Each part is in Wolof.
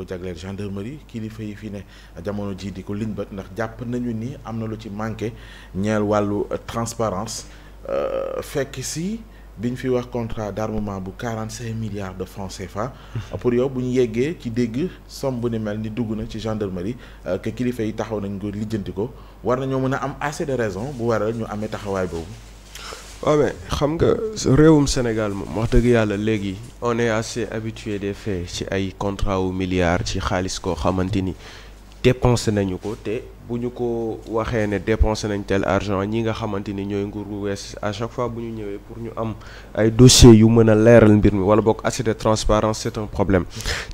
ko jagleel gendarmerie kilifa yi fi ne jamono jii di ko liñ ndax jàpp nañu ni am na lu ci manqué ñeel wàllu euh, transparence euh, fekk si biñ fi wax contrat d'armement bu quarante cinq milliards de francs fa pour yow bu ñu yeggee ci dégg somme bu ni mel ni dugg na ci gendarmerie euh, que kilifa yi taxaw nañ ko lijjanti ko war na ñoo mën a am assez de raison bu waral ñu amee taxawaay boobu waaw ah, xam nga réewum Sénégal moom wax dëgg yàlla léegi on est assez habitué des fe ci ay contrat wu milliards ci xaalis koo xamante ni dépensé nañu ko te. bu ñu ko waxee ne dépensé nañ tel argent ñi nga xamante ni ñooy nguur gu wees à chaque fois bu ñu ñëwee pour ñu am ay dossiers yu mën a leeral mbir mi wala bokk assez de transparence c'est un problème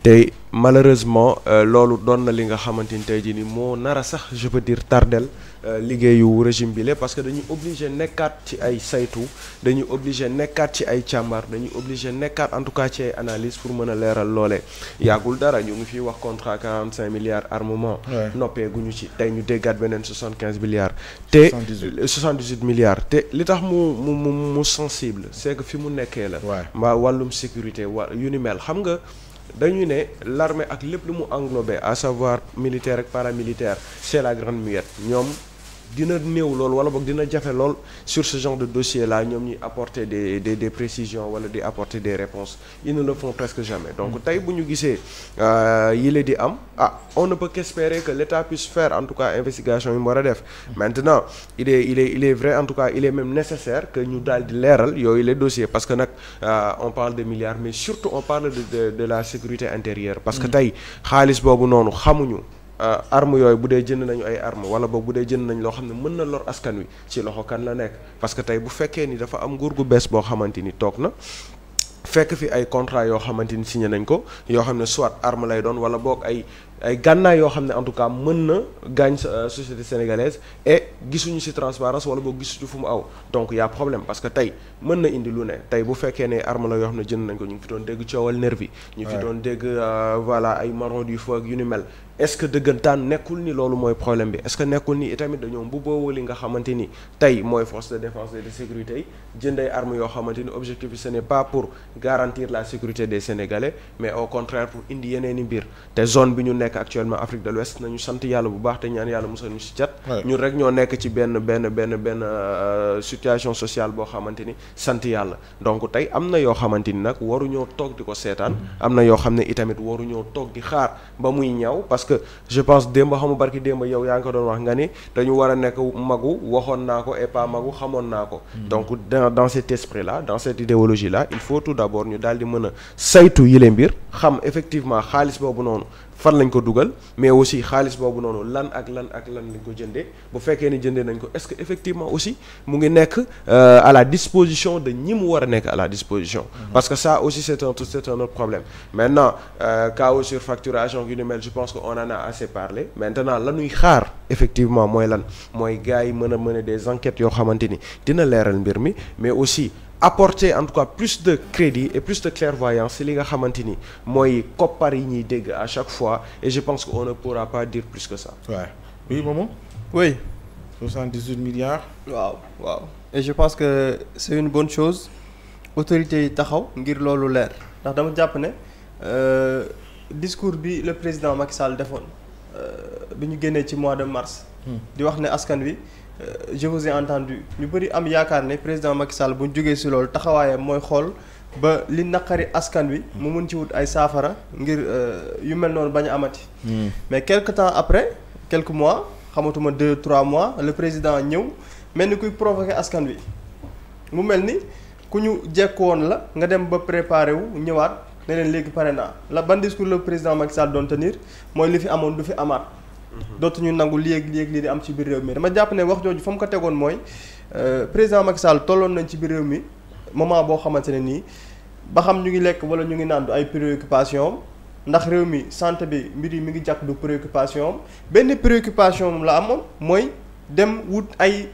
tey malheureusement euh, loolu doon na li nga xamante ni tey jii ni moo nara sax je peux dire tardel euh, liggéeyu régime bi la parce que dañuy obligé nekkaat ci ay saytu dañuy obligé nekkaat ci ay càmbar dañuy obligé nekkaat en tout cas ci ay analyse pour mën a leeral loole yàggul dara ñu ngi wax contrat 45 milliards armement noppee déggaat beneen soixante quinze milliards. te soixante dix huit milliards te li tax mu mu mu mu sensible c' est que fi mu nekkee la. mbaa wàllum sécurité wa yu ni mel xam nga. dañu ne l'armée ak lépp lu mu englobé à savoir militaire ak paramilitaire c'est la grande muette ñoom dina néew lool wala boog dina jafe lool sur ce genre de dossier là ñoom ñuy apporter de des des précisions wala di apporter des réponses in ne le font presque jamais donc mm. tey bu ñu gisee euh, yile di am ah on ne peut qu'espérer que l'État puisse faire en tout cas investigation yi mu war a def maintenant il est vrai en tout cas il est même nécessaire que ñu daal di leeral yooyu les dossiers parce que nag euh, on parle de milliards mais surtout on parle de de de la sécurité intérieure parce que mm. tey xaalis boobu noonu xamuñu Euh, arme yooyu bu dee jënd nañu ay arme wala boog bu dee jënd nañ loo xam ne mën na lor askan wi ci loxo kan la nekk parce que tey bu fekkee ni dafa am nguur gu bees boo xamante ni toog na fekk fi ay contrat yoo xamante ni signé nañ ko yoo xam ne soit arme lay doon wala boog ay ay gànnaay yoo xam ne en tout cas mën na gaañ euh, société sénégalaise et gisuñu ci transparence wala boo gisuñu fu mu aw donc y a problème parce que tey mën na indi lu ne tey bu fekkee ne arme la yoo xam ne jën nañ ko ñu ngi fi doon dégg coowal nervi ñu fi doon dégg euh, voilà ay marron du feu ak yu ni mel est-ce que dëggantaan nekkul ni loolu mooy problème bi est-ce que nekkul ni itamit dañoo bu booboo li nga xamante ni tey mooy force de défense de sécurité yi jënd ay yoo xamante ni objectif bi ce n'est pas pour la sécurité des sénégalais mais au contraire indi yeneen i mbir nekk actuellement Afrique de l'Ouest nañu sant yàlla bu baax te ñaan yàlla musal ñu si cat ñun rek ñoo nekk ci benn benn benn benn euh, situation sociale boo xamante ni sant yàlla donc tey am na yoo xamante ni nag waruñoo toog di ko seetaan am na yoo xam ne itamit waruñoo toog di xaar ba muy ñaw parce que je pense démb xamu barki démb yow yaa ngi ko doon wax nga ni dañu war a nekk magu waxoon naa ko et pas magu xamoon naa ko hmm. donc dans dans cet esprit là dans cette idéologie là il faut tout ñu daal di mën a saytu yile mbir xam effectivement xaalis boobu noonu fan lañ ko dugal mais aussi xaalis boobu noonu lan ak lan ak lan lañ ko jëndee bu fekkee ni jëndee nañ ko est-ce que effectivement aussi mu ngi nekk euh, à la disposition de ñi mu war a nekk à la disposition. Mhm. parce que ça aussi c'est un c'est un autre problème maintenant cas euh, sur facturation yu ni mel je pense que on en a assez parlé maintenant la ñuy xaar effectivement mooy lan mooy gars yi mën a mën a des enquêtes yoo xamante ni dina leeral mbir mi mais aussi. apporter en tout cas plus de crédit et plus de clairvoyance li nga xamante ni mooy koppar yi ñuy dégg à chaque fois et je pense qu'on ne pourra pas dire plus que ça. waaw ouais. oui Momo. oui. waaw waaw et je pense que c'est une bonne chose autorité yi taxaw ngir loolu leer ndax dama jàpp ne euh, discours bi le président Macky Sall defoon euh, bi ñu génnee ci mois de mars. Hmm. di wax ne askan wi. Euh, je vous ai entendu ñu bëri am yaakaar ne président Macky Sall bu ñu jógee si loolu taxawaayam mooy xool ba li naqari askan wi. mu mun ci wut ay saafara ngir euh, yu mel noonu bañ a amati. Hmm. mais quelque temps après quelques mois xamatuma deux trois mois le président ñëw mel ni kuy provoqué askan wi mu mel ni ku ñu jekk woon la nga dem ba préparé wu ñëwaat ne léegi pare naa la ban discours le président Macky Sall doon tenir mooy li fi amoon du fi amaat. Mhm. dootuñu nangu lii ak li ak lii di am ci biir réew mi dama jàpp ne wax jooju fa mu ko tegoon mooy euh, président Macky Sall tolloon nañ ci biir réew mi moment boo xamante ne nii ba xam ñu ngi lekk wala ñu ngi naan du ay préoccupation ndax réew mi santé bi mbir yi mi ngi jàpp du préoccupation benn préoccupation moom la amoon mooy dem wut ay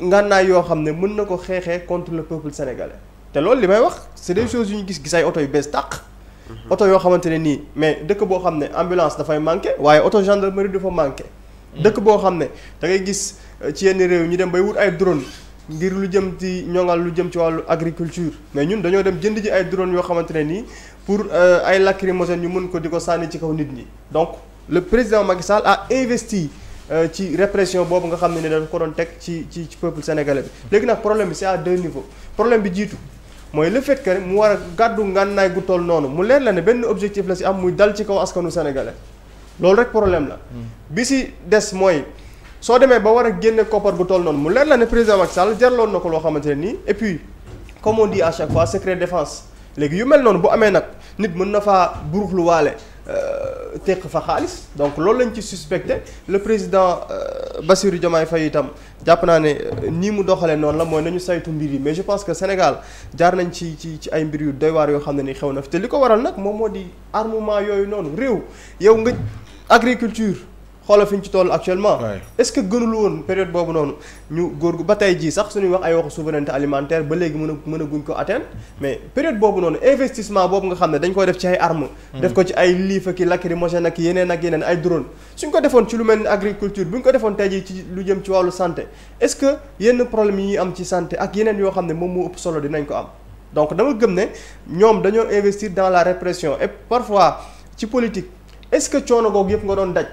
ngànnaay yoo xam ne mën na ko xeexee contre le peuple sénégalais te loolu li may wax c'est des ah. choses yu ñu gis gis ay oto yu bees tàq Mm-hmm. oto yoo xamante ne nii mais dëkk boo xam ne ambulance dafay manqué waaye oto gendarmerie dafa manqué. Mm-hmm. dëkk boo xam ne da ngay gis euh, ci yenn réew ñu dem bay wut ay drone ngir lu jëm ci ñoŋal lu jëm ci wàllu agriculture mais ñun dañoo dem jënd ji ay drone yoo xamante ne nii pour euh, ay lacrymogène ñu mën ko di ko sànni ci kaw nit ñi donc le président Macky ah a investi. Euh, ci répression boobu nga xam ne ne dafa ko doon teg ci ci ci peuple sénégalais bi léegi nag problème bi c'est à deux niveaux problème bi jiitu mooy le fait que mu war a gàddu ngànnaay gu toll noonu mu leer la ne benn objectif la si am muy dal ci kaw askanu sénégalais loolu rek problème la. Hmm. bi si des mooy soo demee ba war a génne koppar gu toll noonu mu leer la ne président Macky Sall jarloon na ko loo xamante ne nii et puis comme on dit à chaque fois secret défense léegi yu mel noonu bu amee nag nit mën na faa lu waale Euh, teq fa xaalis donc loolu lañ ci suspecte le président euh, Bassirou Diomaye fay itam jàpp naa ne euh, nii mu doxalee noon la mooy nañu saytu mbir yi mais je pense que Sénégal jaar nañ ci ci ci ay mbir yu doy waar yoo xam ne ni xew na fi te li ko waral nag moom moo di armement yooyu noonu réew yow nga agriculture xoolal fi ñu ci toll actuellement. est-ce que gënul woon période boobu noonu ñu góor gu ba tey jii sax suñuy wax ay waxu souveraineté alimentaire ba léegi mën a mën a guñ ko atteindre mais période boobu noonu investissement boobu nga xam ne dañ ko def ci ay armes. Hmm. def ko ci ay liif ak i lacrymogène ak yeneen ak yeneen ay drone suñ ko defoon ci lu mel ni agriculture bu ñu ko defoon tey jii lu jëm ci wàllu santé est-ce que yenn problème yi ñuy am ci santé ak yeneen yoo xam ne moom moo ëpp solo dinañ ko am donc dama gëm ne ñoom dañoo investir dans la répression et parfois ci politique est-ce que coono googu nga doon daj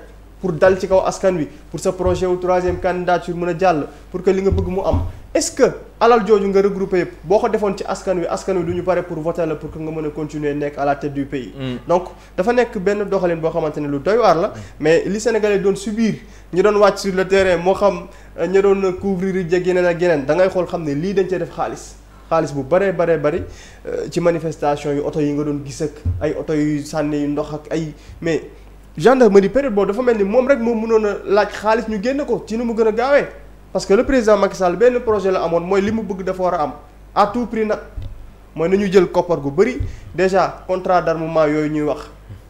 pour dal ci kaw askan wi pour sa projet wu troisième candidature mën a jàll pour que li nga bëgg mu am est-ce que alal jooju nga regroupé yëpp boo ko defoon ci askan wi askan wi du ñu pare pour voter la pour que nga mën a continuer nekk à la tête du pays. Mm. donc dafa nekk benn doxalin boo xamante ne lu doy waar la. Mm. mais li sénégalais doon subir ñu doon wàcc sur le terrain moo xam euh, ñu doon couvrir yi jeg yeneen ak yeneen dangay ngay xool xam ne lii dañ cee def xaalis. xaalis bu bëree bëree bëri euh, ci manifestation yi oto yi nga doon gis ak oto yu sànni ndox ak ay mais. gendarmerie période boobu dafa mel ni moom rek moo mënoon a laaj xaalis ñu génn ko ci nu mu gën a gaawee parce que le président Macky Sall benn projet la amoon mooy li mu bëgg dafa war a am à tout prix nag mooy nañu jël koppar gu bëri déjà contrat d'armement yooyu ñuy wax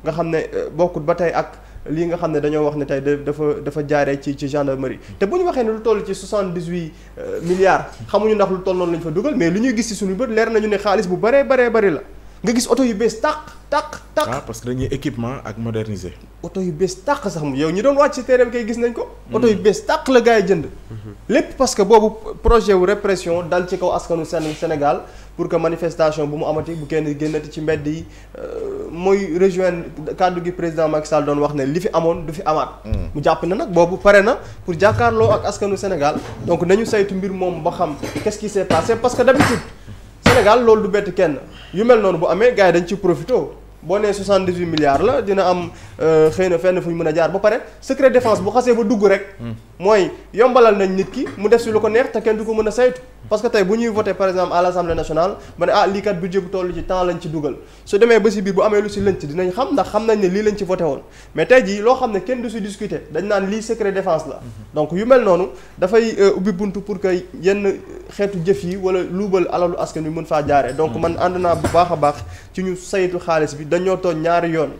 nga xam ne euh, bokkut ba tey ak lii nga xam ne dañoo wax ne tey dafa dafa jaare ci ci gendarmerie te bu ñu waxee ne lu toll ci soixante-dix-huit euh, milliards xamuñu ndax lu toll noonu lañ dugal mais li ñuy gis ci suñu bët leer nañu ne xaalis bu bëree bëree bëri la nga gis oto yu bees tàq tàq tàq. waaw ah, parce que dañuy équipement ak moderniser. oto yu bees tàq sax mu yow ñu doon wàcc ci terrain kay gis nañ ko. oto yu hmm. bees tàq la gars yi jënd. Mhm. lépp parce que boobu projet wu répression dal ci kaw askanu Sénégal pour que manifestation bu mu amati bu kenn génnati ci mbedd yi euh, mooy rejoindre kàddu gi président Macky Sall doon wax ne li fi amoon du fi amaat. Hmm. mu jàpp na nag boobu pare na pour jàkkaarloo ak askanu Sénégal donc nañu saytu mbir moom ba xam qu'est-ce qui s'est parce que d'habitude Sénégal loolu du bett kenn. yu mel noonu bu amee gars yi dañ ci profité boo nee 78 milliards la dina am euh, xëy na fenn fu ñu mën a jaar ba pare secret défense bu xasee ba dugg rek. Hmm. mooy yombalal nañ nit ki mu def si lu ko neex te kenn du ko mën a saytu. parce que tey bu ñuy voté par exemple à l' assemblée nationale ba ne ah lii kat budget bu toll si biir bu amee lu si lënt ne lii lañ ci voté woon mais tey jii loo ne kenn du si discuter dañ naan lii secret défense la. Hmm. donc yu mel noonu dafay euh, ubbi buntu pour que yenn xeetu jëf yi wala luubal alalu askan wi mën faa jaaree. donc hmm. man ànd naa bu baax a baax ci ñu saytu xaalis bi dañoo tooñ ñaari yoon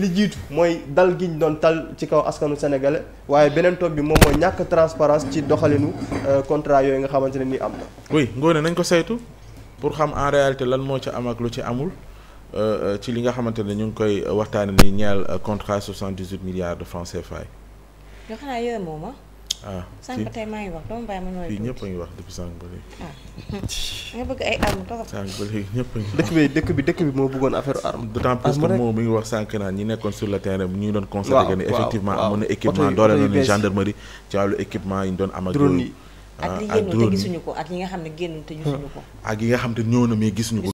li jiitu mooy dal giñ doon tal ci kaw askanu sénégalais waaye beneen toog bi moom mooy ñàkk transparence ci doxalinu euh, contrat yooyu nga xamante ne nii am na. oui Ngoné nañ ko saytu pour xam en réalité lan moo ci am lu ci amul euh, euh, ci li nga xamante ne ñu ngi koy waxtaanee ni ñeel contrat 78 milliards de francs CFA. yoo xam ne yooyu moom ah sànq ñëpp a wax depuis sànq ba léegi. Ah. nga bëgg ay armes trop. sànq ba léegi ñëpp a ngi wax. dëkk bi dëkk bi dëkk bi moo bëggoon affaire arme. d'autant que moom mi ngi wax sànq naan ñi nekkoon sur le terrain bi ñu doon constaté que ni effectivement amoon na équipement doole na ni gendarmerie ci wàllu équipement yi doon am drone ak li ah, génn te gisuñu ko ak yi nga xam ne génn te gisuñu ko ak yi nga xam ne ñëw na mais gisuñu ko